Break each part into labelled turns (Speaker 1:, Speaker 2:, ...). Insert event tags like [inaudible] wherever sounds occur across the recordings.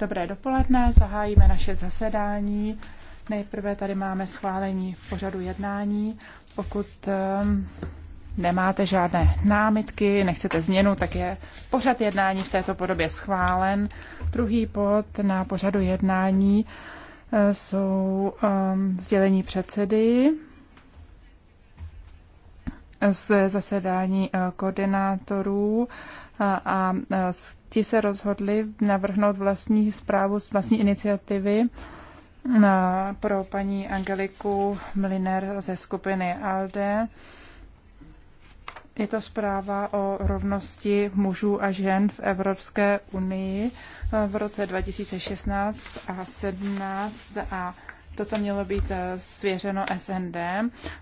Speaker 1: Dobré dopoledne, zahájíme naše zasedání. Nejprve tady máme schválení pořadu jednání. Pokud ehm, nemáte žádné námitky, nechcete změnu, tak je pořad jednání v této podobě schválen. Druhý bod na pořadu jednání eh, jsou ehm, sdělení předsedy z zasedání eh, koordinátorů eh, a eh, ti se rozhodli navrhnout vlastní zprávu z vlastní iniciativy pro paní Angeliku Mliner ze skupiny ALDE. Je to zpráva o rovnosti mužů a žen v Evropské unii v roce 2016 a 17 a Toto mělo být eh, svěřeno SND.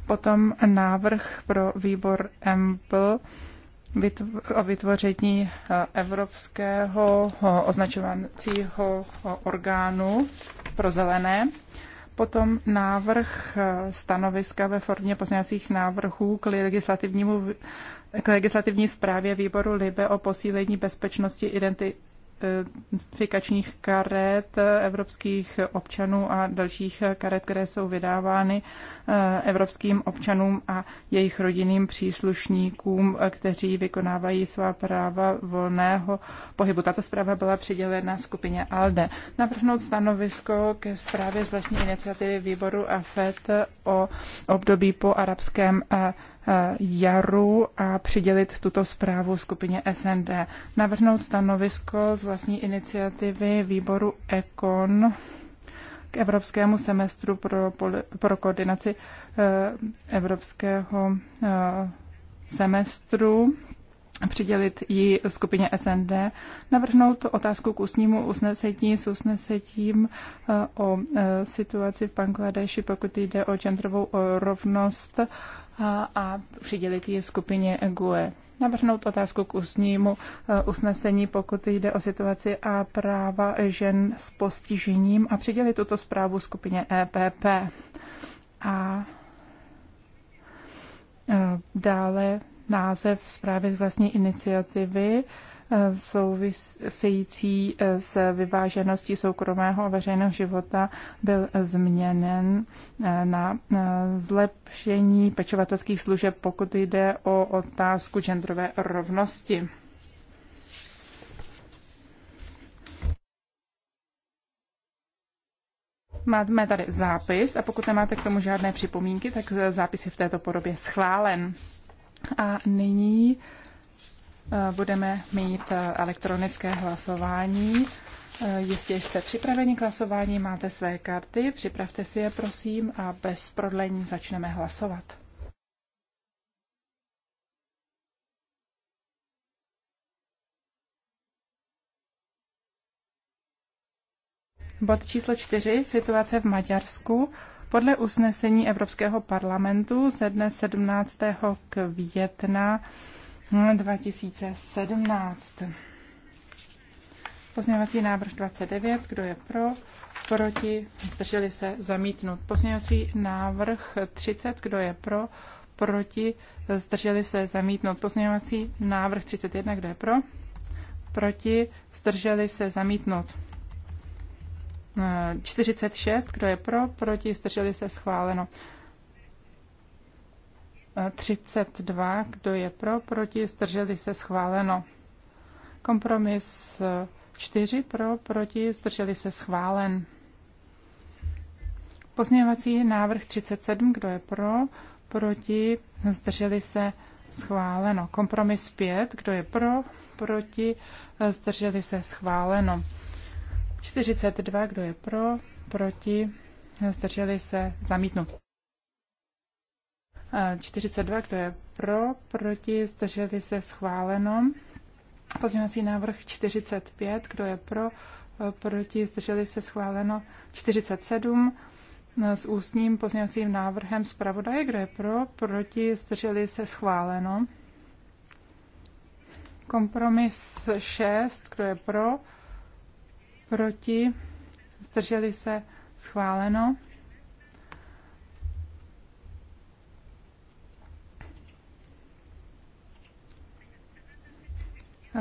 Speaker 1: Potom návrh pro výbor EMPL o vytvoření eh, evropského eh, označovacího orgánu pro zelené. Potom návrh stanoviska ve formě pozměňovacích návrhů k legislativnímu k legislativní zprávě výboru LIBE o posílení bezpečnosti identity identifikačních karet evropských občanů a dalších karet, které jsou vydávány eh, evropským občanům a jejich rodinným příslušníkům, eh, kteří vykonávají svá práva volného pohybu. Tato zpráva byla přidělena skupině ALDE. Navrhnout stanovisko ke zprávě z vlastní iniciativy výboru AFET o období po arabském eh, jaru a přidělit tuto zprávu skupině SND. Navrhnout stanovisko z vlastní iniciativy výboru ECON k Evropskému semestru pro, pro koordinaci eh, Evropského eh, semestru přidělit ji skupině SND, navrhnout otázku k ústnímu usnesení s usnesením eh, o situaci v Bangladeši, pokud jde o genderovou rovnost a přidělit ji skupině GUE. Navrhnout otázku k ústnímu e, usnesení, pokud jde o situaci a práva žen s postižením a přidělit tuto zprávu skupině EPP. A e, dále název zprávy z vlastní iniciativy Eh, související eh, s vyvážeností soukromého a veřejného života byl změněn eh, na zlepšení pečovatelských služeb, pokud jde o otázku genderové rovnosti. Máme tady zápis a pokud nemáte k tomu žádné připomínky, tak zápis je v této podobě schválen. A nyní Eh, budeme mít eh, elektronické hlasování. Eh, jistě jste připraveni k hlasování, máte své karty, připravte si je prosím a bez prodlení začneme hlasovat. Bod číslo 4. Situace v Maďarsku. Podle usnesení Evropského parlamentu ze dne 17. května 2017. Pozměňovací návrh 29, kdo je pro, proti, zdrželi se, zamítnut. Pozměňovací návrh 30, kdo je pro, proti, zdrželi se, zamítnout. Pozměňovací návrh 31, kdo je pro, proti, zdrželi se, zamítnout. 46, eh, kdo je pro, proti, zdrželi se, schváleno. 32, kdo je pro, proti, zdrželi se schváleno. Kompromis 4 eh, pro, proti, zdrželi se schválen. Pozměňovací návrh 37, kdo je pro, proti, zdrželi se schváleno. Kompromis 5, kdo je pro, proti, eh, zdrželi se schváleno. 42, kdo je pro, proti, zdrželi se zamítnut. 42, kdo je pro, proti, zdrželi se schváleno. Pozměňovací návrh 45, kdo je pro, proti, zdrželi se schváleno. 47 eh, s ústním pozměňovacím návrhem zpravodaje, kdo je pro, proti, zdrželi se schváleno. Kompromis 6, kdo je pro, proti, zdrželi se schváleno.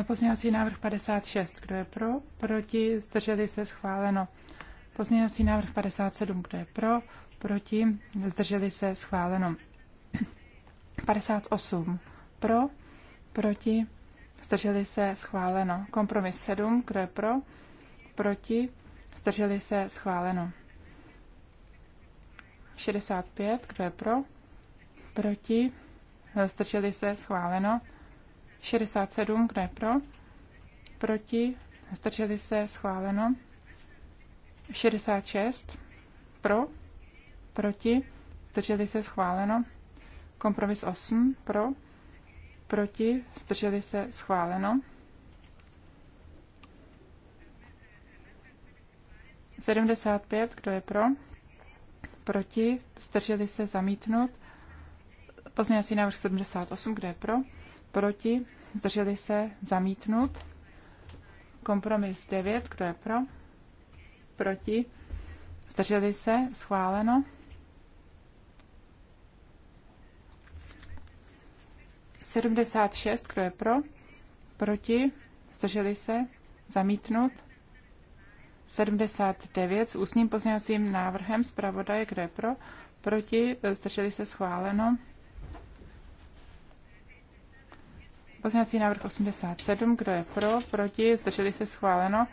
Speaker 1: Pozměňovací návrh 56, kdo je pro? Proti, zdrželi se, schváleno. Pozměňovací návrh 57, kdo je pro? Proti, zdrželi se, schváleno. 58, pro? Proti, zdrželi se, schváleno. Kompromis 7, kdo je pro? Proti, zdrželi se, schváleno. 65, kdo je pro? Proti, zdrželi se, schváleno. 67, kdo je pro? Proti? Zdrželi se? Schváleno. 66, pro? Proti? Zdrželi se? Schváleno. Kompromis 8, pro? Proti? Zdrželi se? Schváleno. 75, kdo je pro? Proti? Zdrželi se? Zamítnut. Pozměňovací návrh 78, kdo je pro? proti, zdrželi se, zamítnut. Kompromis 9, kdo je pro, proti, zdrželi se, schváleno. 76, kdo je pro, proti, zdrželi se, zamítnut. 79 s ústním pozměňovacím návrhem zpravodaje, kdo je pro, proti, zdrželi se, schváleno. Pozměňovací návrh 87, kdo je pro, proti, zdrželi se schváleno.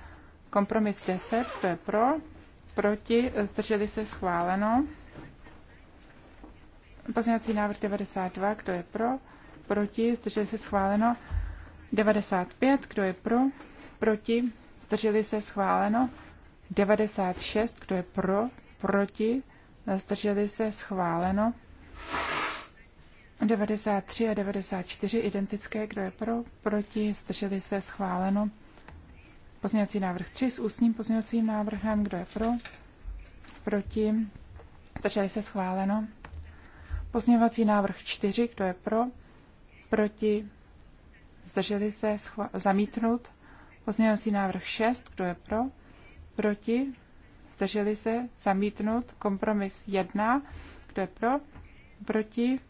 Speaker 1: Kompromis 10, kdo je pro, proti, zdrželi se schváleno. Pozměňovací návrh 92, kdo je pro, proti, zdrželi se schváleno. 95, kdo je pro, proti, zdrželi se schváleno. 96, kdo je pro, proti, zdrželi se schváleno. 93 a 94 identické, kdo je pro, proti, zdrželi se, schváleno. Pozměňovací návrh 3 s ústním pozměňovacím návrhem, kdo je pro, proti, zdrželi se, schváleno. Pozměňovací návrh 4, kdo je pro, proti, zdrželi se, schva- zamítnut. Pozměňovací návrh 6, kdo je pro, proti, zdrželi se, zamítnut. Kompromis 1, kdo je pro, proti,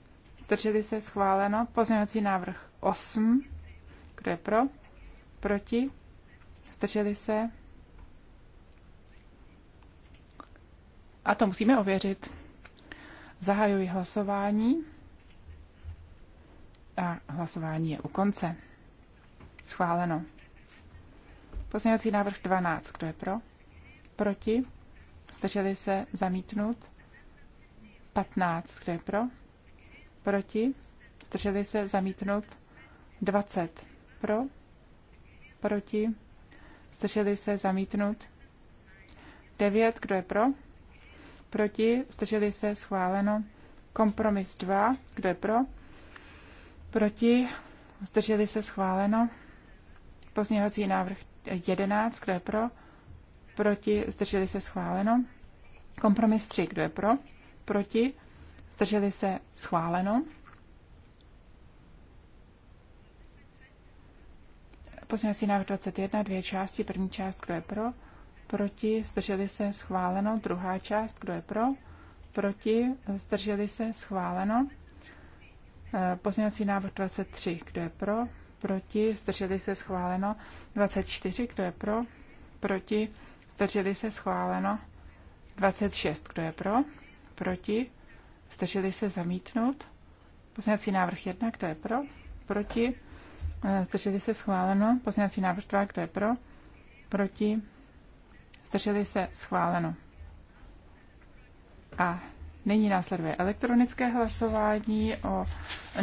Speaker 1: Zdrželi se schváleno. Pozměňovací návrh 8. Kdo je pro? Proti? Zdrželi se? A to musíme ověřit. Zahajuji hlasování. A hlasování je u konce. Schváleno. Pozměňovací návrh 12. Kdo je pro? Proti? Zdrželi se zamítnout? 15. Kdo je pro? proti, zdrželi se zamítnout 20 pro, proti, zdrželi se zamítnout 9, kdo je pro, proti, zdrželi se schváleno kompromis 2, kdo je pro, proti, zdrželi se schváleno pozněhocí návrh 11, kdo je pro, proti, zdrželi se schváleno kompromis 3, kdo je pro, proti, zdrželi se schváleno. Pozměňovací návrh 21, dvě části. První část, kdo je pro? Proti, zdrželi se, schváleno. Druhá část, kdo je pro? Proti, zdrželi se, schváleno. Eh, pozměňovací návrh 23, kdo je pro? Proti, zdrželi se, schváleno. 24, kdo je pro? Proti, zdrželi se, schváleno. 26, kdo je pro? Proti, Zdrželi se zamítnout. Pozměňovací návrh 1, kdo je pro? Proti. Eh, zdrželi se schváleno. Pozměňovací návrh 2, kdo je pro? Proti. Zdrželi se schváleno. A nyní následuje elektronické hlasování o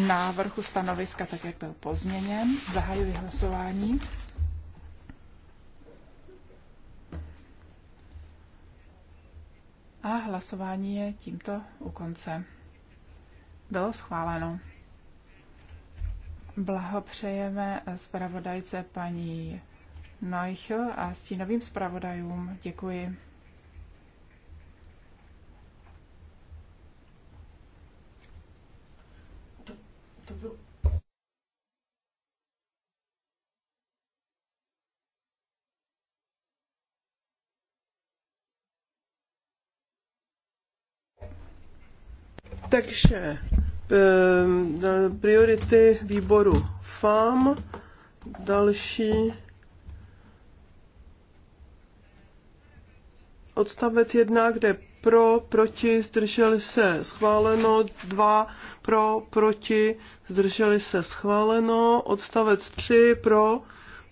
Speaker 1: návrhu stanoviska, tak jak byl pozměněn. Zahajuji hlasování. A hlasování je tímto u konce. Bylo schváleno. Blahopřejeme zpravodajce paní Neuchl a stínovým zpravodajům. Děkuji. To, to bylo...
Speaker 2: Takže ehm, priority výboru FAM, další odstavec jedna, kde pro, proti, zdrželi se, schváleno, dva pro, proti, zdrželi se, schváleno, odstavec tři pro,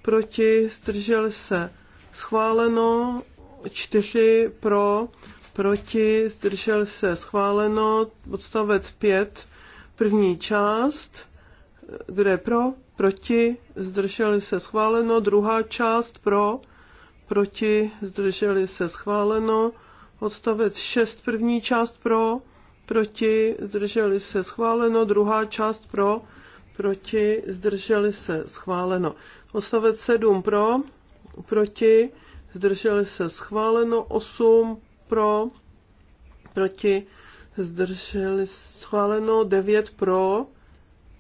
Speaker 2: proti, zdrželi se, schváleno, čtyři pro, proti, zdržel se schváleno, odstavec 5, první část, kdo je pro, proti, zdrželi se schváleno, druhá část pro, proti, zdrželi se schváleno, odstavec 6, první část pro, proti, zdrželi se schváleno, druhá část pro, proti, zdrželi se schváleno. Odstavec 7 pro, proti, zdrželi se schváleno, 8 pro, proti, zdrželi schváleno, 9 pro,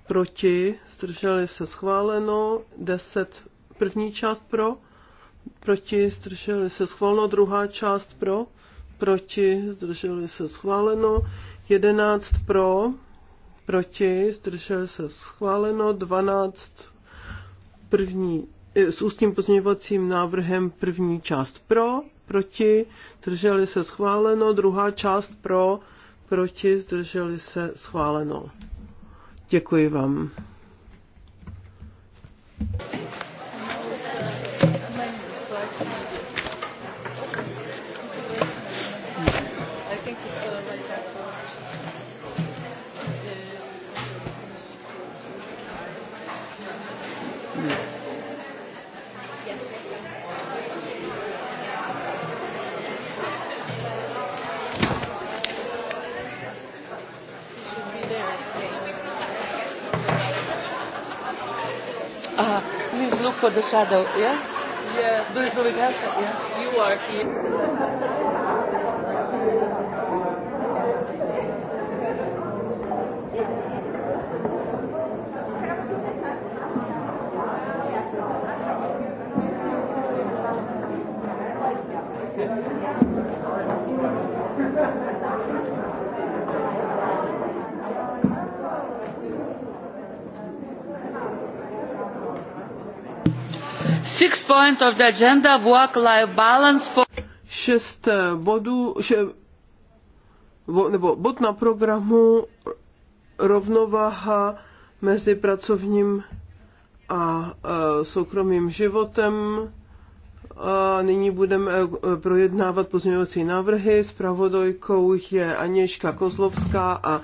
Speaker 2: proti, zdrželi se schváleno, 10 první část pro, proti, zdrželi se schváleno, druhá část pro, proti, zdrželi se schváleno, 11 pro, proti, zdrželi se schváleno, 12 první eh, s ústním pozměňovacím návrhem první část pro, proti, zdrželi se schváleno, druhá část pro, proti, zdrželi se schváleno. Děkuji vám. for the shadow, yeah? Yes. Do, do it happen? Yeah. You are here. point of the agenda, work-life balance for... Šest eh, bodů, že, nebo bod na programu rovnováha mezi pracovním a eh, soukromým životem. A nyní budeme eh, projednávat pozměňovací návrhy. s pravodojkou je Aněška Kozlovská a,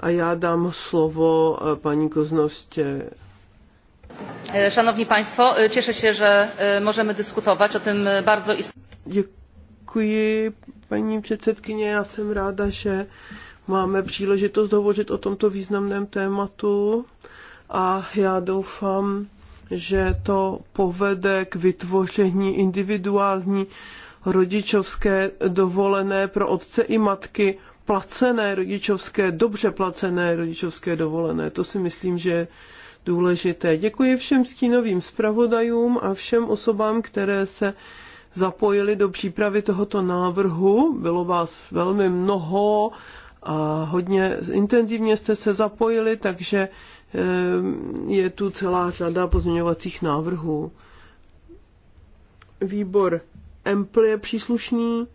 Speaker 2: a já dám slovo paní Koznovstě.
Speaker 3: E, Szanowni Państwo, e, cieszę się, że e, możemy dyskutować o tym
Speaker 1: bardzo istotnym.
Speaker 2: Děkuji, paní předsedkyně. Já jsem ráda, že máme příležitost hovořit o tomto významném tématu a já doufám, že to povede k vytvoření individuální rodičovské dovolené pro otce i matky, placené rodičovské, dobře placené rodičovské dovolené. To si myslím, že důležité. Děkuji všem stínovým zpravodajům a všem osobám, které se zapojili do přípravy tohoto návrhu. Bylo vás velmi mnoho a hodně intenzivně jste se zapojili, takže eh, je tu celá řada pozměňovacích návrhů. Výbor EMPL je příslušný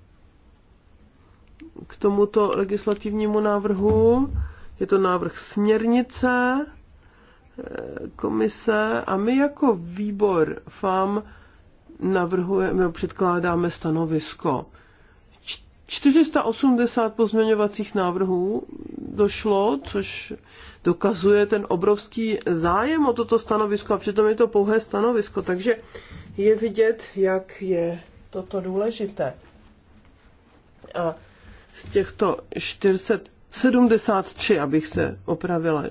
Speaker 2: k tomuto legislativnímu návrhu. Je to návrh směrnice komise a my jako výbor FAM navrhujeme, předkládáme stanovisko. 480 pozměňovacích návrhů došlo, což dokazuje ten obrovský zájem o toto stanovisko a přitom je to pouhé stanovisko, takže je vidět, jak je toto důležité. A z těchto 473, abych se opravila,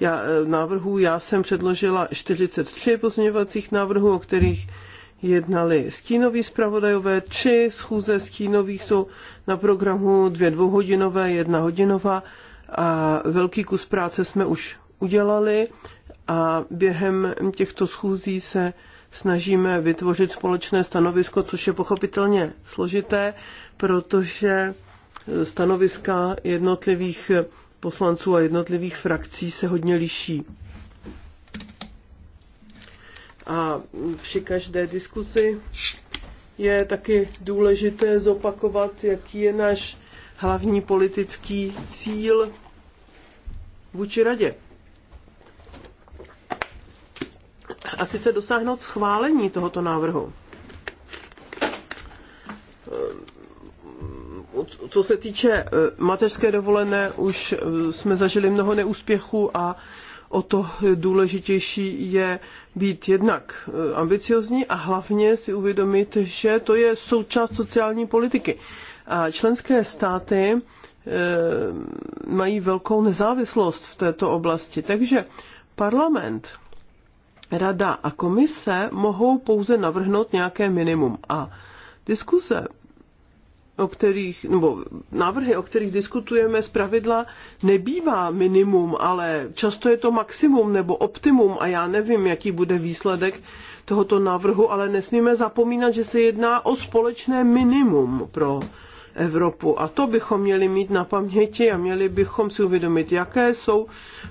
Speaker 2: já, e, návrhů. Já jsem předložila 43 pozměňovacích návrhů, o kterých jednali stínoví zpravodajové. Tři schůze stínových jsou na programu dvě dvouhodinové, jedna hodinová a velký kus práce jsme už udělali a během těchto schůzí se snažíme vytvořit společné stanovisko, což je pochopitelně složité, protože stanoviska jednotlivých poslanců a jednotlivých frakcí se hodně liší. A při každé diskusi je taky důležité zopakovat, jaký je náš hlavní politický cíl vůči radě. A sice dosáhnout schválení tohoto návrhu. co se týče eh, mateřské dovolené, už eh, jsme zažili mnoho neúspěchů a o to důležitější je být jednak eh, ambiciozní a hlavně si uvědomit, že to je součást sociální politiky. A členské státy mají velkou nezávislost v této oblasti. Takže parlament, rada a komise mohou pouze navrhnout nějaké minimum. A diskuse o kterých, nebo návrhy, o kterých diskutujeme, pravidla, nebývá minimum, ale často je to maximum nebo optimum a já nevím, jaký bude výsledek tohoto návrhu, ale nesmíme zapomínat, že se jedná o společné minimum pro Evropu. A to bychom měli mít na paměti a měli bychom si uvědomit, jaké jsou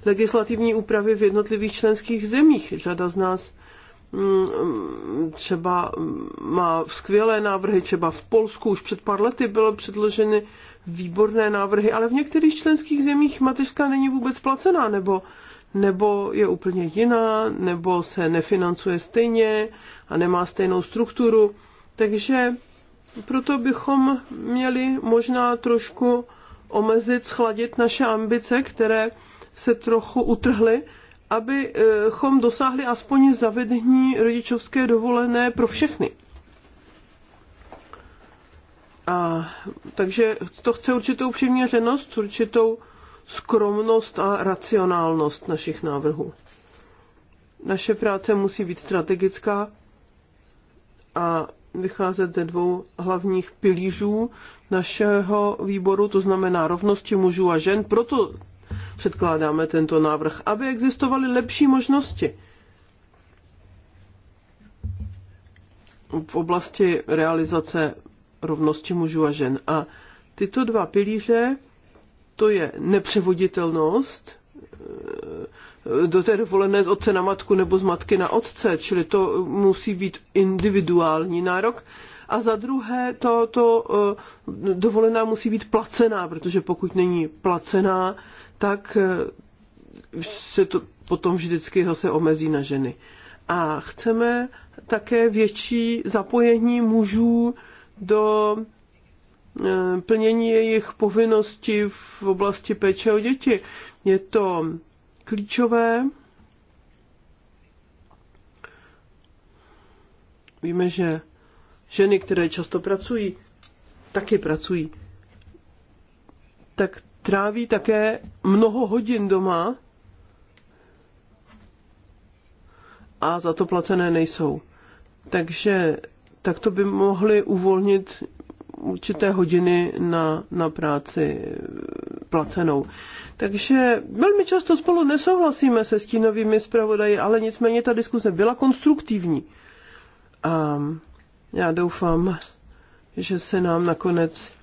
Speaker 2: legislativní úpravy v jednotlivých členských zemích. Řada z nás Mm, třeba má skvělé návrhy, třeba v Polsku už před pár lety bylo předloženy výborné návrhy, ale v některých členských zemích mateřská není vůbec placená, nebo, nebo je úplně jiná, nebo se nefinancuje stejně a nemá stejnou strukturu. Takže proto bychom měli možná trošku omezit, schladit naše ambice, které se trochu utrhly abychom dosáhli aspoň zavedení rodičovské dovolené pro všechny. A, takže to chce určitou přiměřenost, určitou skromnost a racionálnost našich návrhů. Naše práce musí být strategická a vycházet ze dvou hlavních pilířů našeho výboru, to znamená rovnosti mužů a žen. Proto předkládáme tento návrh, aby existovaly lepší možnosti v oblasti realizace rovnosti mužů a žen. A tyto dva pilíře, to je nepřevoditelnost eh, do té dovolené z otce na matku nebo z matky na otce, čili to musí být individuální nárok. A za druhé, to, to eh, dovolená musí být placená, protože pokud není placená, tak eh, se to potom vždycky zase omezí na ženy. A chceme také větší zapojení mužů do eh, plnění jejich povinností v oblasti péče o děti. Je to klíčové. Víme, že ženy, které často pracují, taky pracují. Tak tráví také mnoho hodin doma a za to placené nejsou. Takže tak to by mohli uvolnit určité hodiny na, na práci placenou. Takže velmi často spolu nesouhlasíme se stínovými zpravodaji, ale nicméně ta diskuse byla konstruktivní. A já doufám, že se nám nakonec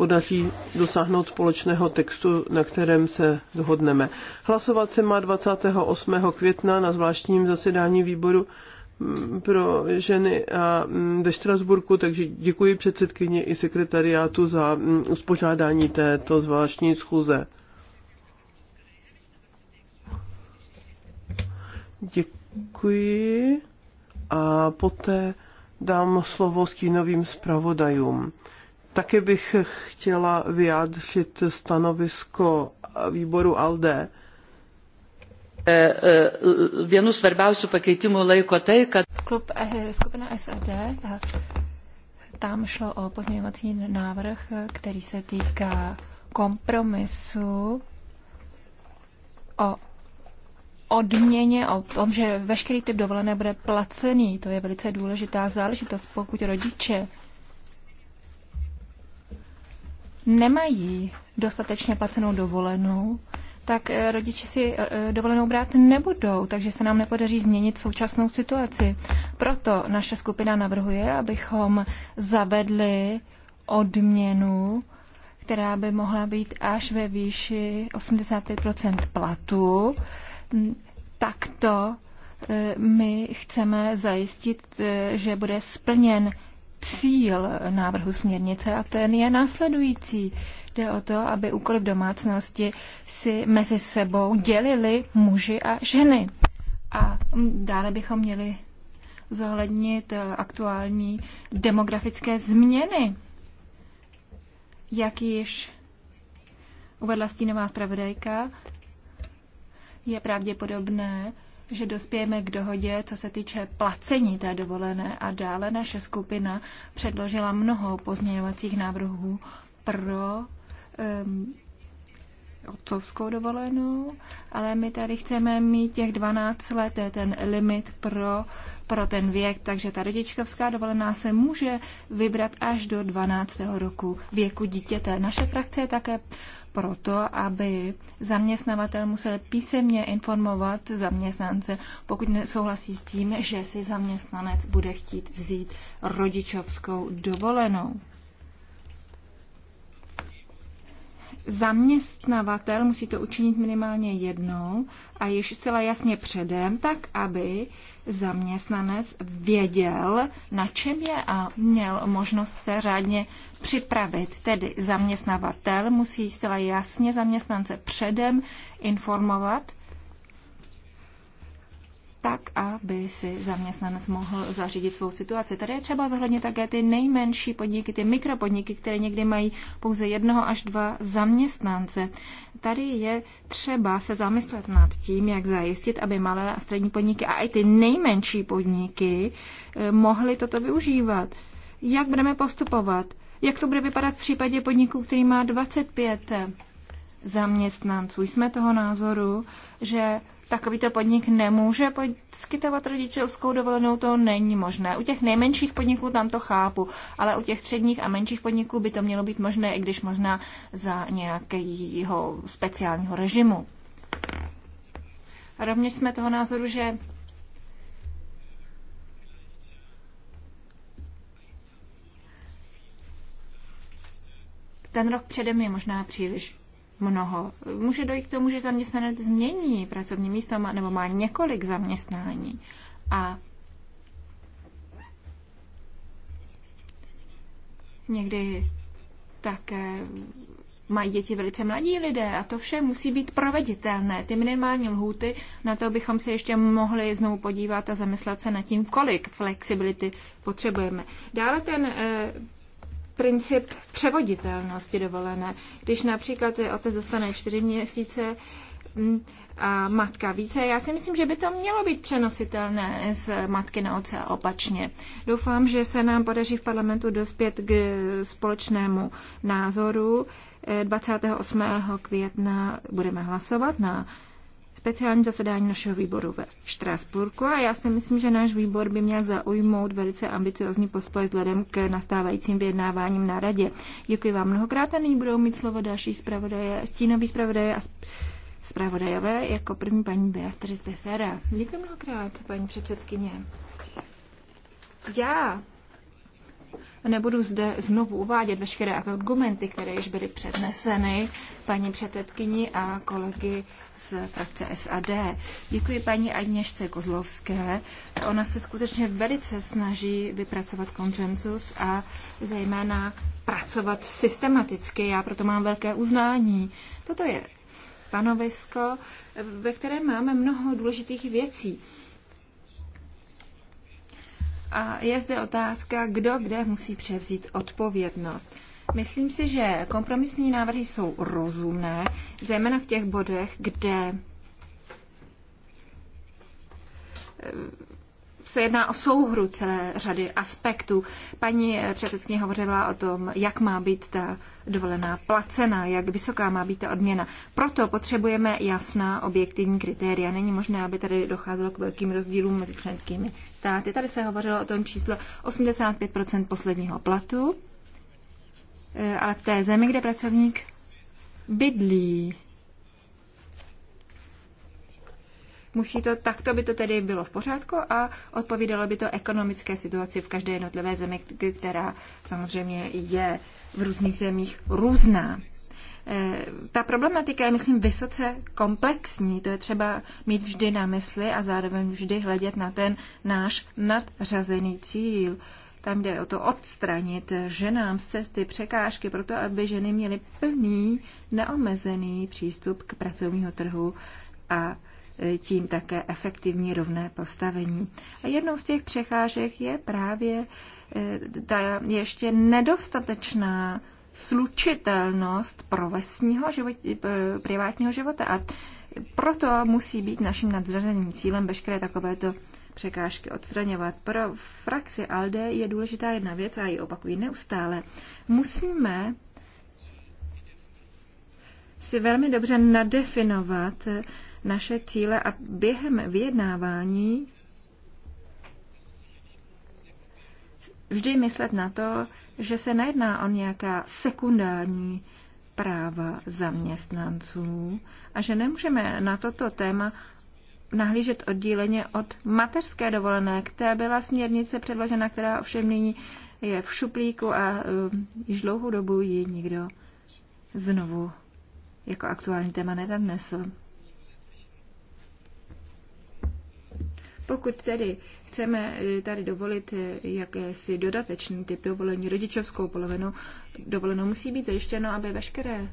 Speaker 2: podaří dosáhnout společného textu, na kterém se dohodneme. Hlasovat se má 28. května na zvláštním zasedání výboru mm, pro ženy a mm, ve Štrasburku, takže děkuji předsedkyni i sekretariátu za mm, uspořádání této zvláštní schůze. Děkuji a poté dám slovo stínovým zpravodajům. Také bych chtěla vyjádřit stanovisko výboru ALDE. E, e, vienu svarbiausių pakeitimų laiko tai, kad... Klub
Speaker 3: e, skupina SAD, tam šlo o pozměňovací návrh, který se týká kompromisu o odměně, o tom, že veškerý typ dovolené bude placený. To je velice důležitá záležitost, pokud rodiče nemají dostatečně placenou dovolenou, tak eh, rodiče si eh, eh, dovolenou brát nebudou, takže se nám nepodaří změnit současnou situaci. Proto naše skupina navrhuje, abychom zavedli odměnu, která by mohla být až ve výši 85 platu. Mm, takto my chceme zajistit, že bude splněn cíl návrhu směrnice a ten je následující. Jde o to, aby úkoly v domácnosti si mezi sebou dělili muži a ženy. A dále bychom měli zohlednit eh, aktuální demografické změny. Jak již uvedla stínová zpravodajka, je pravděpodobné, že dospějeme k dohodě, co se týče placení té dovolené a dále naše skupina předložila mnoho pozměňovacích návrhů pro um, otcovskou dovolenou, ale my tady chceme mít těch 12 let, to je ten limit pro, pro ten věk, takže ta rodičkovská dovolená se může vybrat až do 12. roku věku dítěte. Naše frakce je také proto, aby zaměstnavatel musel písemně informovat zaměstnance, pokud nesouhlasí s tím, že si zaměstnanec bude chtít vzít rodičovskou dovolenou. zaměstnavatel musí to učinit minimálně jednou a již zcela jasně předem, tak aby zaměstnanec věděl, na čem je a měl možnost se řádně připravit. Tedy zaměstnavatel musí zcela jasně zaměstnance předem informovat tak, aby si zaměstnanec mohl zařídit svou situaci. Tady je třeba zohlednit také ty nejmenší podniky, ty mikropodniky, které někdy mají pouze jednoho až dva zaměstnance. Tady je třeba se zamyslet nad tím, jak zajistit, aby malé a střední podniky a i ty nejmenší podniky eh, mohly toto využívat. Jak budeme postupovat? Jak to bude vypadat v případě podniku, který má 25 zaměstnanců? Jsme toho názoru, že takovýto podnik nemůže poskytovat rodičovskou dovolenou, to není možné. U těch nejmenších podniků tam to chápu, ale u těch středních a menších podniků by to mělo být možné, i když možná za nějakého speciálního režimu. A rovněž jsme toho názoru, že ten rok předem je možná příliš mnoho. Může dojít k tomu, že zaměstnanec změní pracovní místo nebo má několik zaměstnání. A někdy také mají děti velice mladí lidé a to vše musí být proveditelné. Ty minimální lhůty, na to bychom se ještě mohli znovu podívat a zamyslet se nad tím, kolik flexibility potřebujeme. Dále ten eh, princip převoditelnosti dovolené. Když například otec dostane čtyři měsíce mm, a matka více, já si myslím, že by to mělo být přenositelné z matky na otce a opačně. Doufám, že se nám podaří v parlamentu dospět k společnému názoru. 28. Eh, května budeme hlasovat na speciální zasedání našeho výboru ve Štrasburku a já si myslím, že náš výbor by měl zaujmout velice ambiciozní postoj vzhledem k nastávajícím vyjednáváním na radě. Děkuji vám mnohokrát a nyní budou mít slovo další zpravodaje, stínový zpravodaje a zpravodajové, jako první paní Beatrice Fera. Děkuji mnohokrát, paní předsedkyně. Já Nebudu zde znovu uvádět veškeré argumenty, které již byly předneseny paní předsedkyni a kolegy z frakce SAD. Děkuji paní Agněšce Kozlovské. Ona se skutečně velice snaží vypracovat konsenzus a zejména pracovat systematicky. Já proto mám velké uznání. Toto je Panovisko, ve kterém máme mnoho důležitých věcí. A je zde otázka, kdo kde musí převzít odpovědnost. Myslím si, že kompromisní návrhy jsou rozumné, zejména v těch bodech, kde eh, se jedná o souhru celé řady aspektů. Paní předsedkyně hovořila o tom, jak má být ta dovolená placena, jak vysoká má být ta odměna. Proto potřebujeme jasná objektivní kritéria. Není možné, aby tady docházelo k velkým rozdílům mezi členskými státy. Tady se hovořilo o tom číslo 85 posledního platu. Eh, ale v té zemi, kde pracovník bydlí. Musí to, takto by to tedy bylo v pořádku a odpovídalo by to ekonomické situaci v každé jednotlivé zemi, která samozřejmě je v různých zemích různá. Eh, ta problematika je, myslím, vysoce komplexní. To je třeba mít vždy na mysli a zároveň vždy hledět na ten náš nadřazený cíl. Tam jde o to odstranit ženám z cesty překážky, proto aby ženy měly plný, neomezený přístup k pracovního trhu a e, tím také efektivní rovné postavení. A jednou z těch překážek je právě e, ta ještě nedostatečná slučitelnost profesního život, e, privátního života. A proto musí být naším nadřazeným cílem veškeré takovéto překážky odstraňovat. Pro frakci ALDE je důležitá jedna věc a ji opakují neustále. Musíme si velmi dobře nadefinovat naše cíle a během vyjednávání vždy myslet na to, že se nejedná o nějaká sekundární práva zaměstnanců a že nemůžeme na toto téma nahlížet odděleně od mateřské dovolené, která byla směrnice předložena, která ovšem nyní je v šuplíku a uh, již dlouhou dobu ji nikdo znovu jako aktuální téma nenadnesl. Pokud tedy chceme e, tady dovolit e, jakési dodatečný typ dovolení, rodičovskou polovinu, dovolenou musí být zajištěno, aby veškeré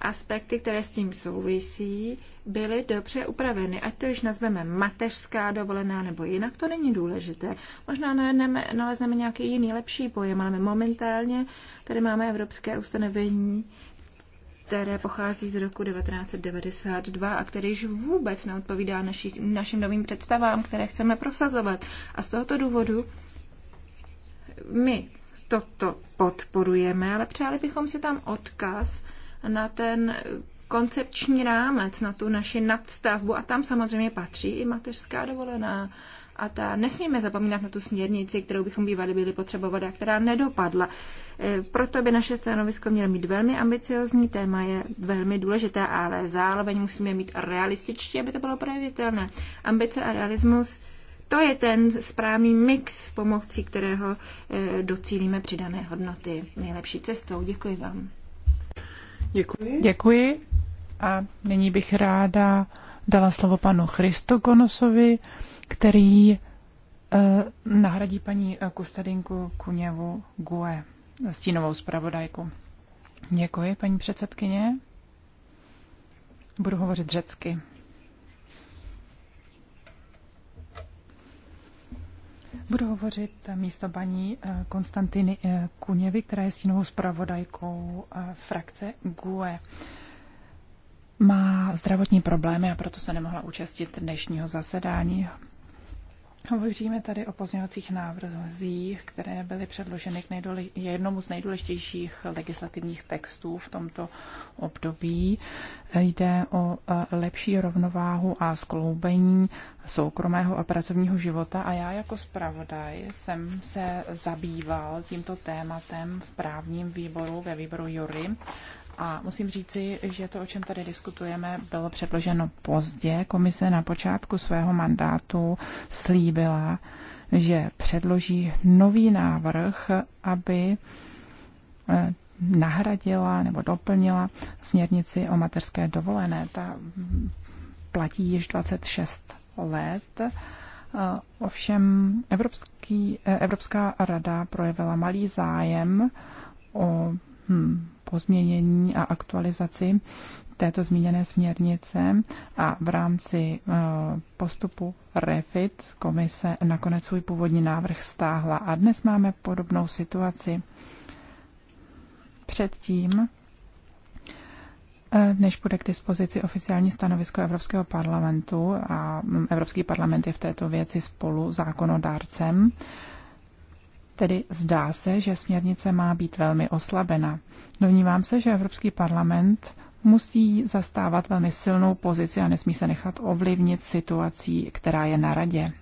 Speaker 3: aspekty, které s tím souvisí, byly dobře upraveny. Ať to již nazveme mateřská dovolená nebo jinak, to není důležité. Možná najedneme, nalezneme nějaký jiný lepší pojem, ale momentálně tady máme evropské ustanovení, které pochází z roku 1992 a které již vůbec neodpovídá naši, našim novým představám, které chceme prosazovat. A z tohoto důvodu my toto podporujeme, ale přáli bychom si tam odkaz na ten koncepční rámec na tu naši nadstavbu a tam samozřejmě patří i mateřská dovolená. A ta nesmíme zapomínat na tu směrnici, kterou bychom bývali byli potřebovat a která nedopadla. E, proto by naše stanovisko mělo mít velmi ambiciozní, téma je velmi důležité, ale zároveň musíme mít realističtě, aby to bylo projevitelné. Ambice a realismus, to je ten správný mix, pomocí kterého e, docílíme přidané hodnoty nejlepší cestou. Děkuji vám.
Speaker 1: Děkuji. Děkuji. A nyní bych ráda dala slovo panu Konosovi, který eh, nahradí paní eh, Kustadinku Kuněvu Gue, stínovou zpravodajku. Děkuji, paní předsedkyně. Budu hovořit řecky. Budu hovořit místo paní eh, Konstantiny Kuněvy, která je stínovou zpravodajkou frakce GUE má zdravotní problémy a proto se nemohla účastnit dnešního zasedání. Hovoříme tady o pozměňovacích návrzích, které byly předloženy k nejdůle, jednomu z nejdůležitějších legislativních textů v tomto období. Jde o e, lepší rovnováhu a skloubení soukromého a pracovního života a já jako zpravodaj jsem se zabýval tímto tématem v právním výboru ve výboru Jury a musím říci, že to, o čem tady diskutujeme, bylo předloženo pozdě. Komise na počátku svého mandátu slíbila, že předloží nový návrh, aby eh, nahradila nebo doplnila směrnici o materské dovolené. Ta hm, platí již 26 let. Eh, ovšem Evropský, eh, Evropská rada projevila malý zájem o hmm, pozměnění a aktualizaci této zmíněné směrnice a v rámci eh, postupu REFIT komise nakonec svůj původní návrh stáhla. A dnes máme podobnou situaci. Předtím, eh, než bude k dispozici oficiální stanovisko Evropského parlamentu a hm, Evropský parlament je v této věci spolu zákonodárcem, Tedy zdá se, že směrnice má být velmi oslabena. Domnívám se, že Evropský parlament musí zastávat velmi silnou pozici a nesmí se nechat ovlivnit situací, která je na radě.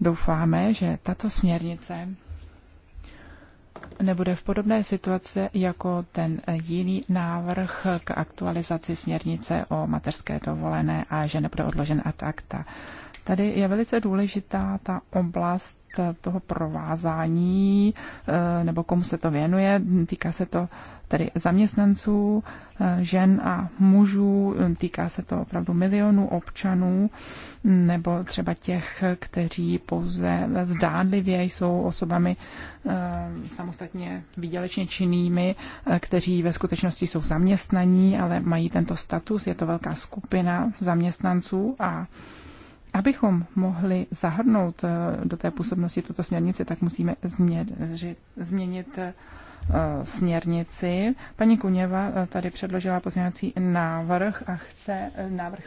Speaker 1: Doufáme, že tato směrnice nebude v podobné situaci jako ten jiný návrh k aktualizaci směrnice o mateřské dovolené a že nebude odložen ad acta. Tady je velice důležitá ta oblast toho provázání, eh, nebo komu se to věnuje. Týká se to tedy zaměstnanců, eh, žen a mužů, týká se to opravdu milionů občanů, nebo třeba těch, kteří pouze zdánlivě jsou osobami eh, samostatně výdělečně činnými, kteří ve skutečnosti jsou zaměstnaní, ale mají tento status. Je to velká skupina zaměstnanců a Abychom mohli zahrnout eh, do té působnosti tuto směrnici, tak musíme změnit eh, směrnici. Paní Kuněva eh, tady předložila pozměňovací návrh a chce návrh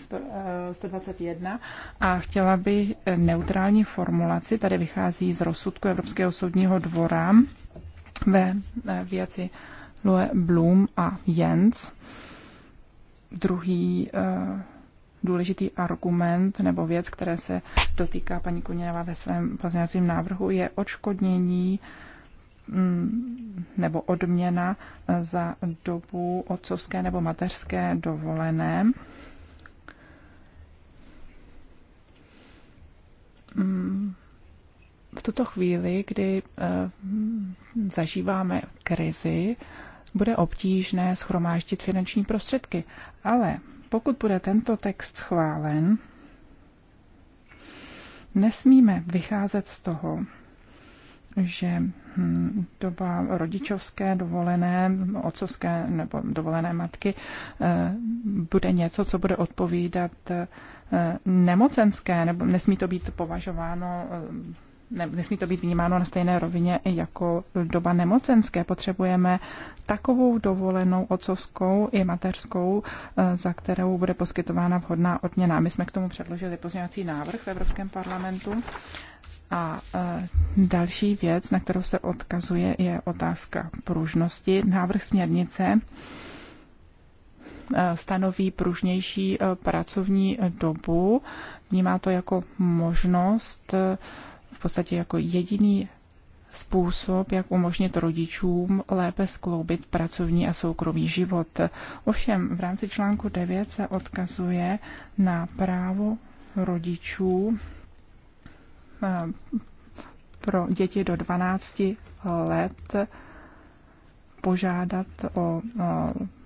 Speaker 1: 121 a chtěla by neutrální formulaci. Tady vychází z rozsudku Evropského soudního dvora ve věci Lue Blum a Jens. Druhý důležitý argument nebo věc, které se dotýká paní Kuněva ve svém pozměňovacím návrhu, je odškodnění mm, nebo odměna za dobu otcovské nebo mateřské dovolené. Mm, v tuto chvíli, kdy eh, zažíváme krizi, bude obtížné schromáždit finanční prostředky, ale pokud bude tento text schválen, nesmíme vycházet z toho, že hm, doba rodičovské dovolené, otcovské nebo dovolené matky eh, bude něco, co bude odpovídat eh, nemocenské, nebo nesmí to být považováno eh, nesmí to být vnímáno na stejné rovině jako doba nemocenské. Potřebujeme takovou dovolenou ocovskou i mateřskou, eh, za kterou bude poskytována vhodná odměna. My jsme k tomu předložili pozměňovací návrh v Evropském parlamentu. A eh, další věc, na kterou se odkazuje, je otázka pružnosti. Návrh směrnice eh, stanoví pružnější pracovní dobu. Vnímá to jako možnost podstatě jako jediný způsob, jak umožnit rodičům lépe skloubit pracovní a soukromý život. Ovšem v rámci článku 9 se odkazuje na právo rodičů eh, pro děti do 12 let požádat o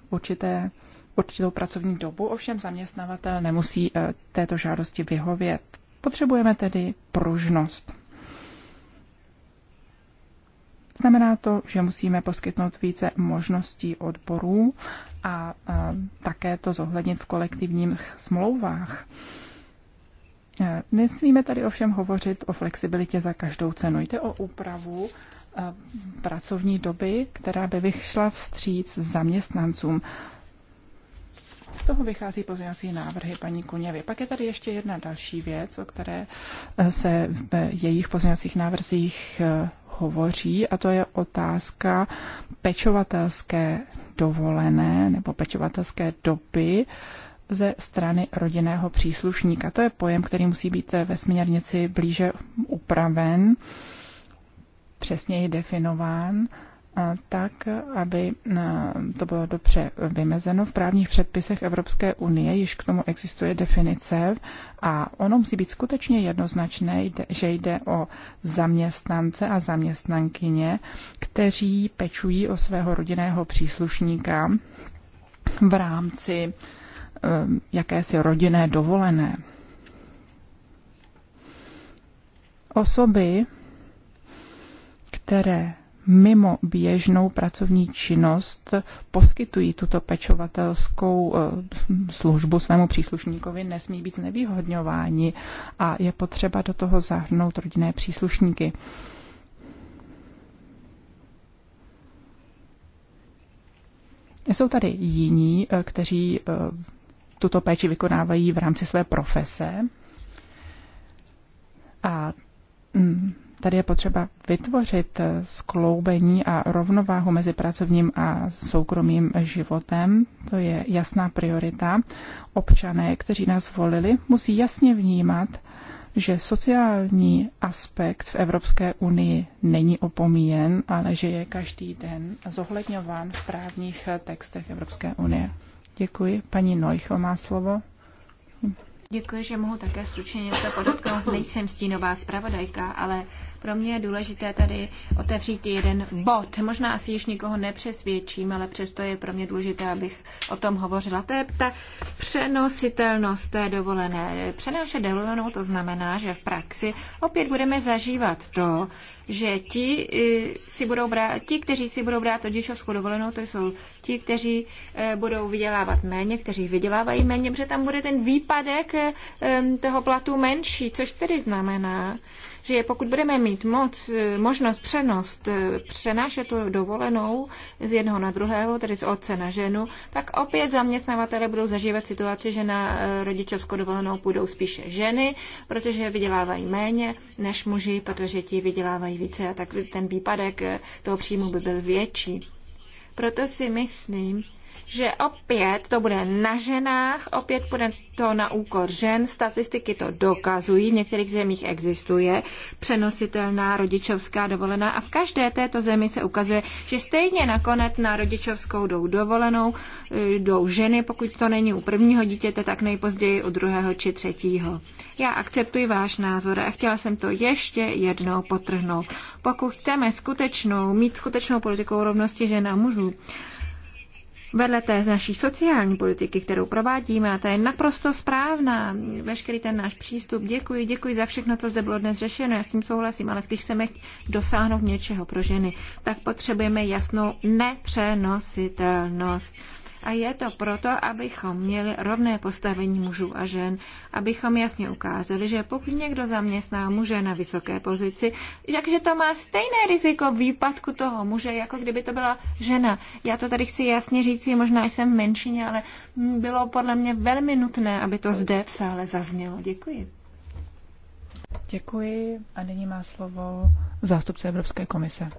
Speaker 1: určité, určitou pracovní dobu, ovšem zaměstnavatel nemusí eh, této žádosti vyhovět. Potřebujeme tedy pružnost. Znamená to, že musíme poskytnout více možností odborů a, a také to zohlednit v kolektivních smlouvách. E, nesmíme tady ovšem hovořit o flexibilitě za každou cenu. Jde o úpravu e, pracovní doby, která by vyšla vstříc zaměstnancům. Z toho vychází pozměňovací návrhy paní Kuněvy. Pak je tady ještě jedna další věc, o které eh, se v jejich pozměňovacích návrzích eh, hovoří, a to je otázka pečovatelské dovolené nebo pečovatelské doby ze strany rodinného příslušníka. To je pojem, který musí být eh, ve směrnici blíže upraven, přesněji definován tak, aby to bylo dobře vymezeno. V právních předpisech Evropské unie již k tomu existuje definice a ono musí být skutečně jednoznačné, že jde o zaměstnance a zaměstnankyně, kteří pečují o svého rodinného příslušníka v rámci um, jakési rodinné dovolené. Osoby, které mimo běžnou pracovní činnost poskytují tuto pečovatelskou eh, službu svému příslušníkovi, nesmí být znevýhodňováni a je potřeba do toho zahrnout rodinné příslušníky. Jsou tady jiní, eh, kteří eh, tuto péči vykonávají v rámci své profese a mm, Tady je potřeba vytvořit eh, skloubení a rovnováhu mezi pracovním a soukromým životem. To je jasná priorita. Občané, kteří nás volili, musí jasně vnímat, že sociální aspekt v Evropské unii není opomíjen, ale že je každý den zohledňován v právních eh, textech Evropské unie. Děkuji. Paní Nojcho má slovo.
Speaker 3: Děkuji, že mohu také stručně něco podotknout. Nejsem stínová zpravodajka, ale pro mě je důležité tady otevřít jeden bod. Možná asi již nikoho nepřesvědčím, ale přesto je pro mě důležité, abych o tom hovořila. To je ta přenositelnost té dovolené. Přenášet dovolenou to znamená, že v praxi opět budeme zažívat to, že ti, eh, si budou brát, ti kteří si budou brát rodičovskou dovolenou, to jsou ti, kteří eh, budou vydělávat méně, kteří vydělávají méně, protože tam bude ten výpadek eh, toho platu menší, což tedy znamená, že pokud budeme mít moc, eh, možnost přenost, eh, přenášet tu dovolenou z jednoho na druhého, tedy z otce na ženu, tak opět zaměstnavatele budou zažívat situaci, že na eh, rodičovskou dovolenou půjdou spíše ženy, protože vydělávají méně než muži, protože ti vydělávají více a tak ten výpadek toho příjmu by byl větší. Proto si myslím, že opět to bude na ženách, opět bude to na úkor žen. Statistiky to dokazují, v některých zemích existuje přenositelná rodičovská dovolená a v každé této zemi se ukazuje, že stejně nakonec na rodičovskou jdou dovolenou, eh, jdou ženy, pokud to není u prvního dítěte, tak nejpozději u druhého či třetího. Já akceptuji váš názor a chtěla jsem to ještě jednou potrhnout. Pokud chceme skutečnou, mít skutečnou politikou rovnosti žen a mužů, vedle té z naší sociální politiky, kterou provádíme, a ta je naprosto správná, veškerý ten náš přístup, děkuji, děkuji za všechno, co zde bylo dnes řešeno, já s tím souhlasím, ale když chceme dosáhnout něčeho pro ženy, tak potřebujeme jasnou nepřenositelnost. A je to proto, abychom měli rovné postavení mužů a žen, abychom jasně ukázali, že pokud někdo zaměstná muže na vysoké pozici, takže to má stejné riziko výpadku toho muže, jako kdyby to byla žena. Já to tady chci jasně říct, možná jsem v menšině, ale bylo podle mě velmi nutné, aby to zde v sále
Speaker 1: zaznělo. Děkuji. Děkuji a nyní má slovo zástupce Evropské komise.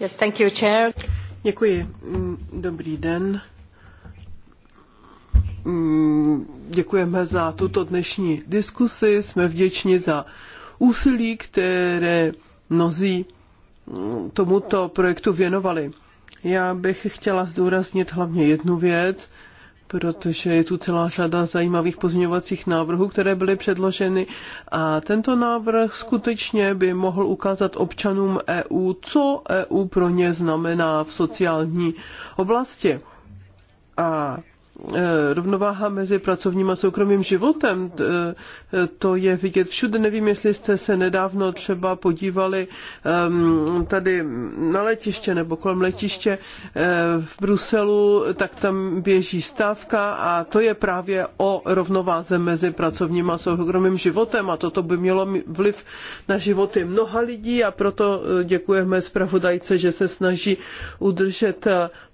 Speaker 2: Yes, thank you, chair. Děkuji. Mm, dobrý den. Mm, děkujeme za tuto dnešní diskusi, jsme vděční za úsilí, které mnozí mm, tomuto projektu věnovali. Já bych chtěla zdůraznit hlavně jednu věc, protože je tu celá řada zajímavých pozměňovacích návrhů, které byly předloženy a tento návrh skutečně by mohl ukázat občanům EU, co EU pro ně znamená v sociální oblasti. A Eh, rovnováha mezi pracovním a soukromým životem. Eh, to je vidět všude. Nevím, jestli jste se nedávno třeba podívali ehm, tady na letiště nebo kolem letiště eh, v Bruselu, tak tam běží stávka a to je právě o rovnováze mezi pracovním a soukromým životem a toto by mělo vliv na životy mnoha lidí a proto děkujeme zpravodajce, že se snaží udržet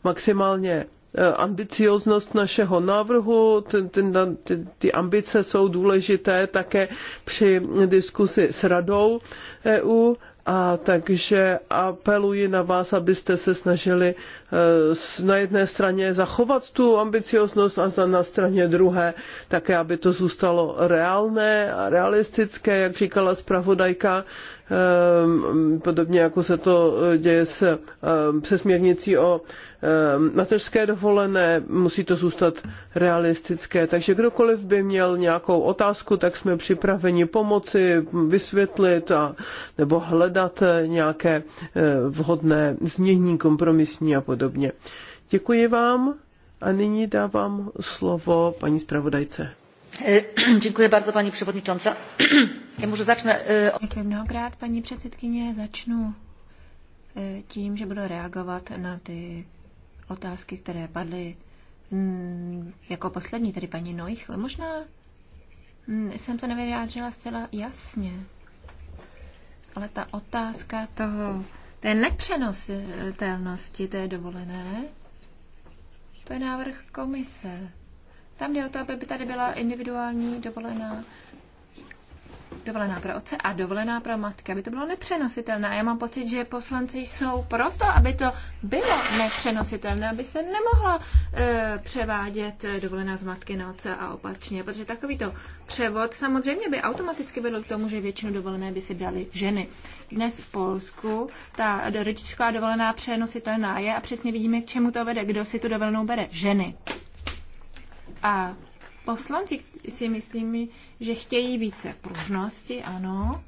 Speaker 2: maximálně Eh, ambicioznost našeho návrhu, ty, ty ambice jsou důležité také při diskusi s radou EU a takže apeluji na vás, abyste se snažili eh, na jedné straně zachovat tu ambicioznost a na straně druhé také, aby to zůstalo reálné a realistické, jak říkala zpravodajka, ehm, podobně jako se to eh, děje se, ehm, se směrnicí o ehm, mateřské dovolené, musí to zůstat realistické. Takže kdokoliv by měl nějakou otázku, tak jsme připraveni pomoci, vysvětlit a, nebo hledat hledat eh, nějaké eh, vhodné změní, kompromisní a podobně. Děkuji vám a nyní dávám slovo paní zpravodajce.
Speaker 3: Eh, [clears throat] děkuji bardzo, paní przewodnicząca. [clears throat] Já můžu Děkuji mnohokrát, paní předsedkyně. Začnu tím, že budu reagovat na ty otázky, které padly mm, jako poslední, tedy paní Noichle. Možná mm, jsem to nevyjádřila zcela jasně. Ale ta otázka toho, té nepřenositelnosti té dovolené, to je návrh komise. Tam jde o to, aby tady byla individuální dovolená dovolená pro otce a dovolená pro matky, aby to bylo nepřenositelné. já mám pocit, že poslanci jsou proto, aby to bylo nepřenositelné, aby se nemohla e, převádět eh, dovolená z matky na otce a opačně, protože takovýto převod samozřejmě by automaticky vedl k tomu, že většinu dovolené by si dali ženy. Dnes v Polsku ta rodičská dovolená přenositelná je a přesně vidíme, k čemu to vede, kdo si tu dovolenou bere. Ženy. A poslanci, si myslím, že chtějí více pružnosti, ano.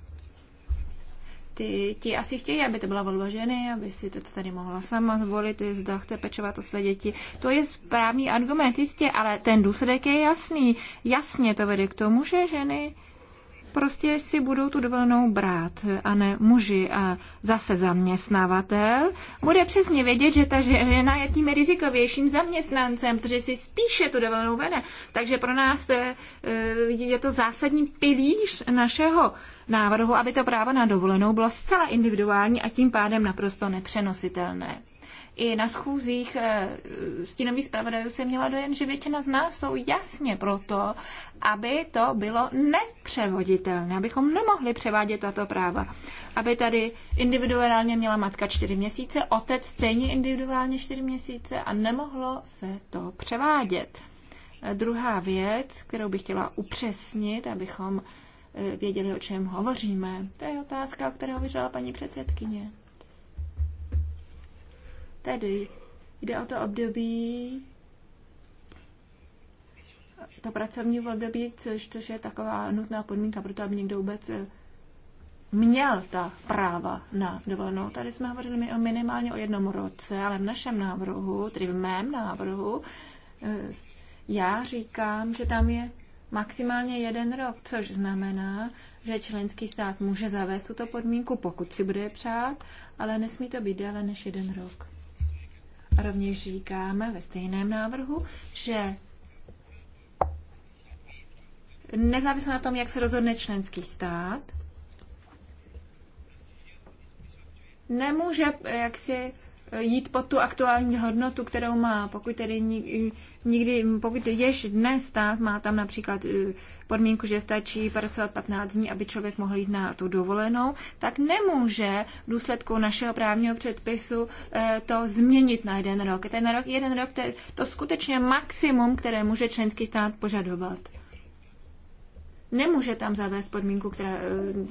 Speaker 3: Ty, ti asi chtějí, aby to byla volba ženy, aby si to tady mohla sama zvolit, zda chce pečovat o své děti. To je správný argument, jistě, ale ten důsledek je jasný. Jasně to vede k tomu, že ženy prostě si budou tu dovolenou brát, a ne muži a zase zaměstnavatel, bude přesně vědět, že ta žena je tím rizikovějším zaměstnancem, protože si spíše tu dovolenou vede. Takže pro nás eh, je to zásadní pilíř našeho návrhu, aby to právo na dovolenou bylo zcela individuální a tím pádem naprosto nepřenositelné i na schůzích eh, stínových zpravodajů se měla dojem, že většina z nás jsou jasně proto, aby to bylo nepřevoditelné, abychom nemohli převádět tato práva. Aby tady individuálně měla matka čtyři měsíce, otec stejně individuálně čtyři měsíce a nemohlo se to převádět. Eh, druhá věc, kterou bych chtěla upřesnit, abychom eh, věděli, o čem hovoříme, to je otázka, o které hovořila paní předsedkyně. Tedy jde o to období, to pracovní období, což, což je taková nutná podmínka pro to, aby někdo vůbec eh, měl ta práva na dovolenou. Tady jsme hovořili mi o minimálně o jednom roce, ale v našem návrhu, tedy v mém návrhu, eh, já říkám, že tam je maximálně jeden rok, což znamená, že členský stát může zavést tuto podmínku, pokud si bude přát, ale nesmí to být déle než jeden rok rovněž říkáme ve stejném návrhu, že nezávisle na tom, jak se rozhodne členský stát, nemůže eh, jaksi jít pod tu aktuální hodnotu, kterou má. Pokud tedy nikdy, pokud jež dnes stát má tam například eh, podmínku, že stačí pracovat 15 dní, aby člověk mohl jít na tu dovolenou, tak nemůže v důsledku našeho právního předpisu eh, to změnit na jeden rok. Ten rok, jeden rok, to je to skutečně maximum, které může členský stát požadovat. Nemůže tam zavést podmínku, která eh,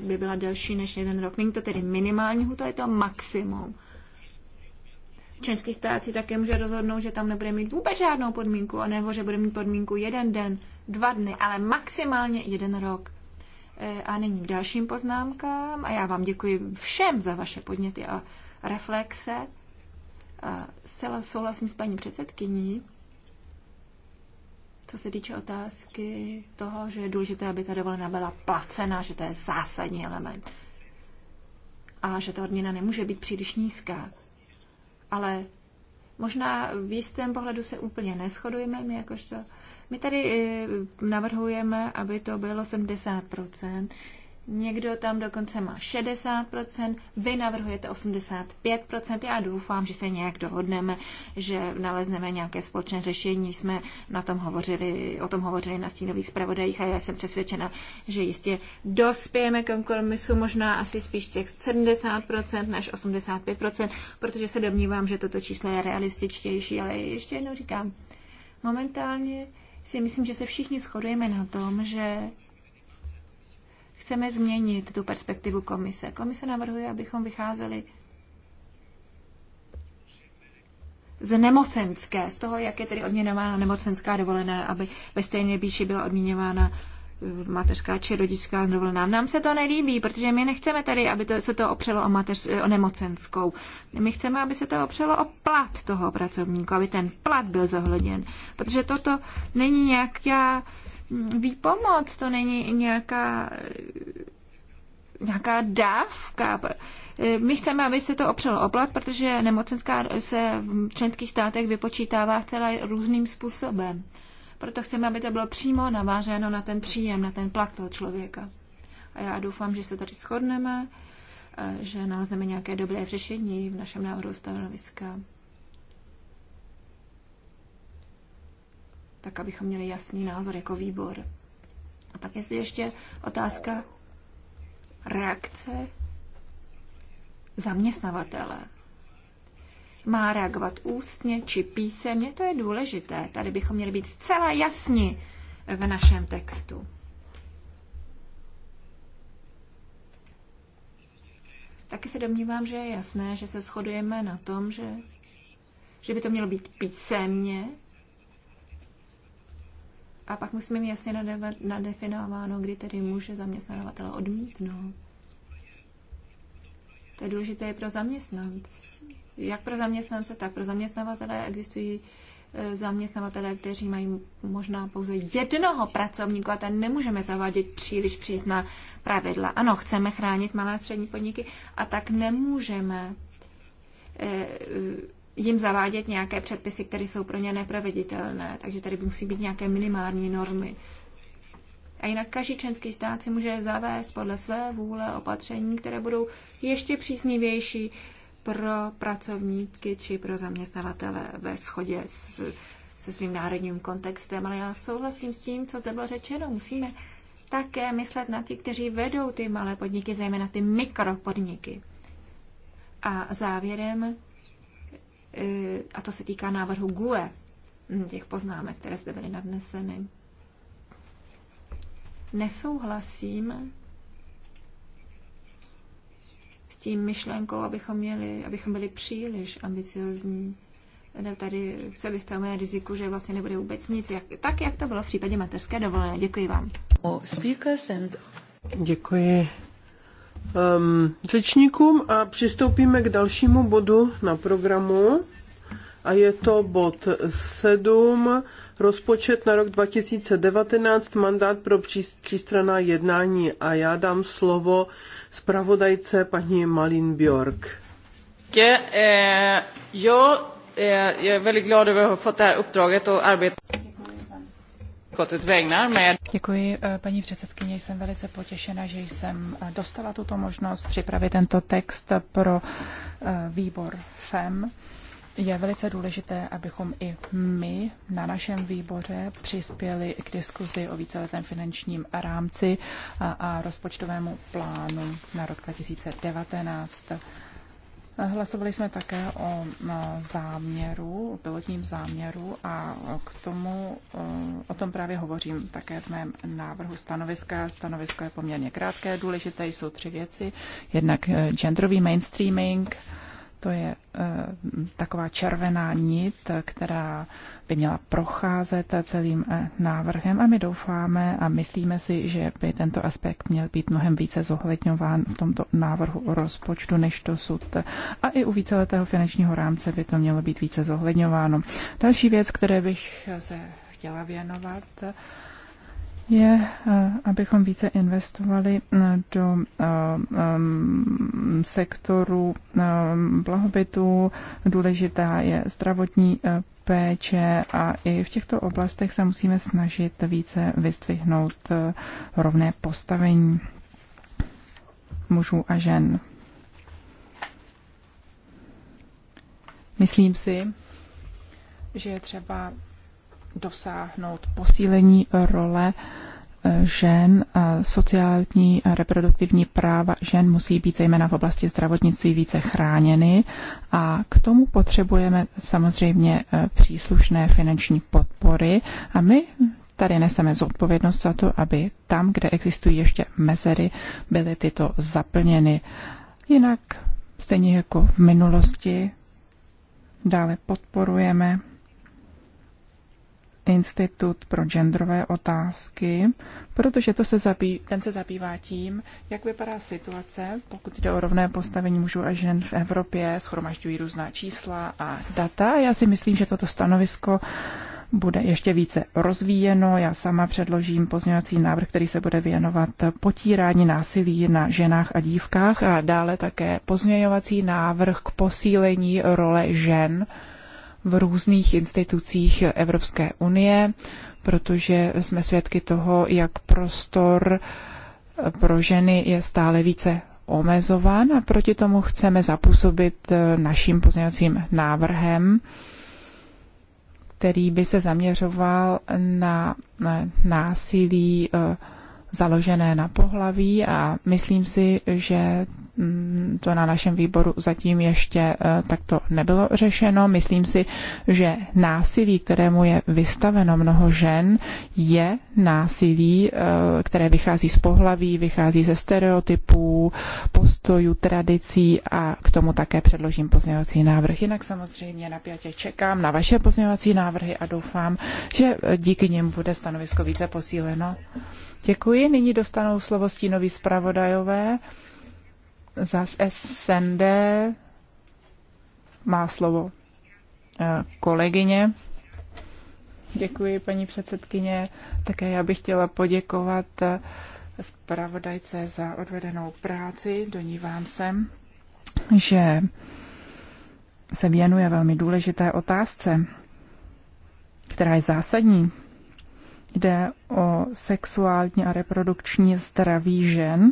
Speaker 3: by byla delší než jeden rok. Není to tedy minimální huta, je to maximum. Členský stát si také může rozhodnout, že tam nebude mít vůbec žádnou podmínku, nebo že bude mít podmínku jeden den, dva dny, ale maximálně jeden rok. E, a nyní k dalším poznámkám. A já vám děkuji všem za vaše podněty a reflexe. A e, zcela souhlasím s paní předsedkyní, co se týče otázky toho, že je důležité, aby ta dovolená byla placená, že to je zásadní element a že ta odměna nemůže být příliš nízká ale možná v jistém pohledu se úplně neschodujeme, my jakožto my tady eh, navrhujeme, aby to bylo 70%. Někdo tam dokonce má 60%, vy navrhujete 85%. Já doufám, že se nějak dohodneme, že nalezneme nějaké společné řešení. Jsme na tom hovořili, o tom hovořili na stínových zpravodajích a já jsem přesvědčena, že jistě dospějeme k kompromisu možná asi spíš těch 70% než 85%, protože se domnívám, že toto číslo je realističtější, ale ještě jednou říkám, momentálně si myslím, že se všichni shodujeme na tom, že chceme změnit tu perspektivu komise. Komise navrhuje, abychom vycházeli z nemocenské, z toho, jak je tedy odměňována nemocenská dovolená, aby ve stejné výši byla odměňována eh, mateřská či rodičská dovolená. Nám se to nelíbí, protože my nechceme tady, aby to, se to opřelo o, mateř, eh, o nemocenskou. My chceme, aby se to opřelo o plat toho pracovníka, aby ten plat byl zohleděn. Protože toto není nějaká Hm, výpomoc, to není nějaká nějaká dávka. Hm, my chceme, aby se to opřelo oplat, protože nemocenská se v členských státech vypočítává celé různým způsobem. Proto chceme, aby to bylo přímo naváženo na ten příjem, na ten plat toho člověka. A já doufám, že se tady shodneme, že nalezneme nějaké dobré řešení v našem návrhu stanoviska. tak abychom měli jasný názor jako výbor. A pak jestli ještě otázka reakce zaměstnavatele. Má reagovat ústně či písemně, to je důležité. Tady bychom měli být zcela jasní v našem textu. Taky se domnívám, že je jasné, že se shodujeme na tom, že, že by to mělo být písemně, a pak musíme mít jasně nadefinováno, kdy tedy může zaměstnavatel odmítnout. To je důležité i pro zaměstnance. Jak pro zaměstnance, tak pro zaměstnavatele existují e, zaměstnavatele, kteří mají možná pouze jednoho pracovníka a ten nemůžeme zavádět příliš přísná pravidla. Ano, chceme chránit malé a střední podniky a tak nemůžeme e, jim zavádět nějaké předpisy, které jsou pro ně neproveditelné, takže tady musí být nějaké minimální normy. A jinak každý členský stát si může zavést podle své vůle opatření, které budou ještě příznivější pro pracovníky či pro zaměstnavatele ve shodě s, se svým národním kontextem. Ale já souhlasím s tím, co zde bylo řečeno. Musíme také myslet na ty, kteří vedou ty malé podniky, zejména ty mikropodniky. A závěrem E, a to se týká návrhu GUE, těch poznámek, které zde byly nadneseny. Nesouhlasím s tím myšlenkou, abychom, měli, abychom byli příliš ambiciozní. Tady se vystavujeme riziku, že vlastně nebude vůbec nic, jak, tak jak to bylo v případě mateřské dovolené. Děkuji vám.
Speaker 2: Děkuji um, řečníkům a přistoupíme k dalšímu bodu na programu. A je to bod 7, rozpočet na rok 2019, mandát pro přístraná jednání. A já dám slovo zpravodajce paní Malin Björk.
Speaker 1: Je, eh, jo, eh, jag är väldigt glad över att ha fått det här uppdraget Děkuji, eh, paní předsedkyně. Jsem velice potěšena, že jsem eh, dostala tuto možnost připravit tento text pro eh, výbor FEM. Je velice důležité, abychom i my na našem výboře přispěli k diskuzi o víceletém finančním rámci a, a rozpočtovému plánu na rok 2019. Hlasovali jsme také o záměru, o pilotním záměru a k tomu, eh, o tom právě hovořím také v mém návrhu stanoviska. Stanovisko je poměrně krátké, důležité jsou tři věci. Jednak eh, genderový mainstreaming, to je eh, taková červená nit, která by měla procházet celým eh, návrhem a my doufáme a myslíme si, že by tento aspekt měl být mnohem více zohledňován v tomto návrhu rozpočtu než dosud. A i u víceletého finančního rámce by to mělo být více zohledňováno. Další věc, které bych se chtěla věnovat, je, eh, abychom více investovali eh, do eh, sektoru blahobytu. Důležitá je zdravotní péče a i v těchto oblastech se musíme snažit více vystvihnout rovné postavení mužů a žen. Myslím si, že je třeba dosáhnout posílení role eh, žen, sociální a reproduktivní práva žen musí být zejména v oblasti zdravotnictví více chráněny a k tomu potřebujeme samozřejmě eh, příslušné finanční podpory a my tady neseme zodpovědnost za to, aby tam, kde existují ještě mezery, byly tyto zaplněny. Jinak, stejně jako v minulosti, dále podporujeme Institut pro genderové otázky, protože to se zabý, ten se zabývá tím, jak vypadá situace, pokud jde o rovné postavení mužů a žen v Evropě, schromažďují různá čísla a data. Já si myslím, že toto stanovisko bude ještě více rozvíjeno. Já sama předložím pozměňovací návrh, který se bude věnovat potírání násilí na ženách a dívkách a dále také pozměňovací návrh k posílení role žen v různých institucích Evropské unie, protože jsme svědky toho, jak prostor pro ženy je stále více omezován a proti tomu chceme zapůsobit naším pozměňovacím návrhem, který by se zaměřoval na násilí eh, založené na pohlaví a myslím si, že Mm, to na našem výboru zatím ještě eh, takto nebylo řešeno. Myslím si, že násilí, kterému je vystaveno mnoho žen, je násilí, eh, které vychází z pohlaví, vychází ze stereotypů, postojů, tradicí a k tomu také předložím pozměňovací návrh. Jinak samozřejmě napjatě čekám na vaše pozměňovací návrhy a doufám, že díky nim bude stanovisko více posíleno. Děkuji. Nyní dostanou slovo stínoví zpravodajové za SND má slovo eh, kolegyně. Děkuji, paní předsedkyně. Také já bych chtěla poděkovat eh, zpravodajce za odvedenou práci. Donívám se, že se věnuje velmi důležité otázce, která je zásadní jde o sexuální a reprodukční zdraví žen,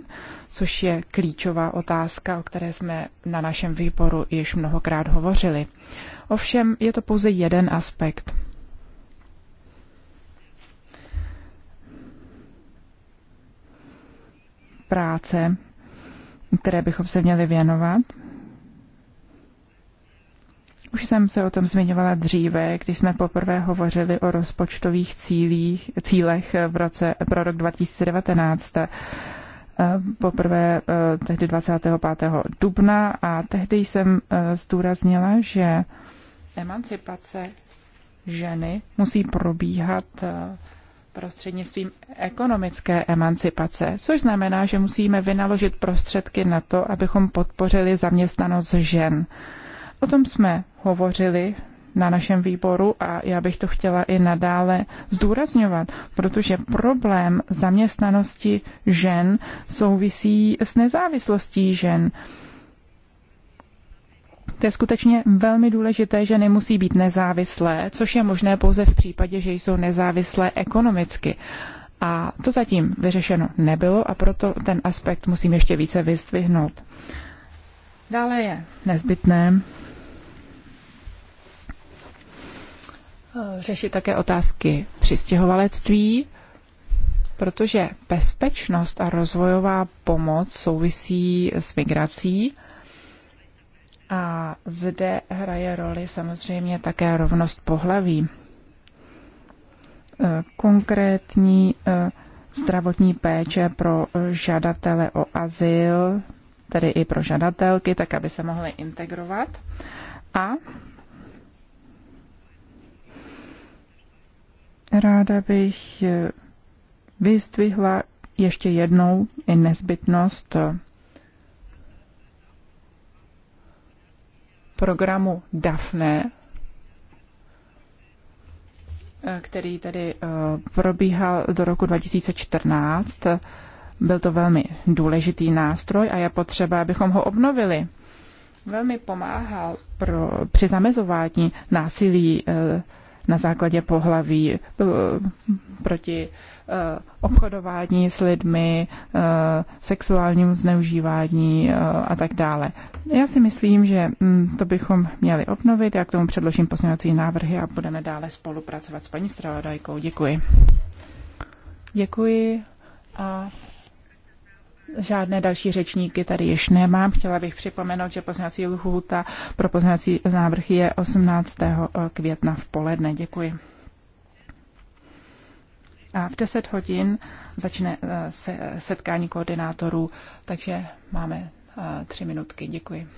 Speaker 1: což je klíčová otázka, o které jsme na našem výboru již mnohokrát hovořili. Ovšem je to pouze jeden aspekt. Práce, které bychom se měli věnovat, už jsem se o tom zmiňovala dříve, když jsme poprvé hovořili o rozpočtových cílích, cílech v roce, pro rok 2019 poprvé eh, tehdy 25. dubna a tehdy jsem eh, zdůraznila, že emancipace ženy musí probíhat eh, prostřednictvím ekonomické emancipace, což znamená, že musíme vynaložit prostředky na to, abychom podpořili zaměstnanost žen. O tom jsme hovořili na našem výboru a já bych to chtěla i nadále zdůrazňovat, protože problém zaměstnanosti žen souvisí s nezávislostí žen. To je skutečně velmi důležité, že nemusí být nezávislé, což je možné pouze v případě, že jsou nezávislé ekonomicky. A to zatím vyřešeno nebylo a proto ten aspekt musím ještě více vyzdvihnout. Dále je nezbytné, Eh, řešit také otázky přistěhovalectví, protože bezpečnost a rozvojová pomoc souvisí s migrací. A zde hraje roli samozřejmě také rovnost pohlaví. Eh, konkrétní eh, zdravotní péče pro žadatele o azyl, tedy i pro žadatelky, tak aby se mohly integrovat. A Ráda bych eh, vyzdvihla ještě jednou i nezbytnost eh, programu DAFNE, eh, který tedy probíhal do roku 2014. Byl to velmi důležitý nástroj a je potřeba, abychom ho obnovili. Velmi pomáhal pro, při zamezování násilí na základě pohlaví, eh, proti eh, obchodování s lidmi, eh, sexuálnímu zneužívání a tak dále. Já si myslím, že mm, to bychom měli obnovit. Já k tomu předložím poslanecí návrhy a budeme dále spolupracovat s paní Stravodajkou. Děkuji. Děkuji a Žádné další řečníky tady již nemám. Chtěla bych připomenout, že poznací lhůta pro poznací návrh je 18. Eh, května v poledne. Děkuji. A v 10 hodin začne eh, setkání koordinátorů, takže máme eh, tři minutky. Děkuji.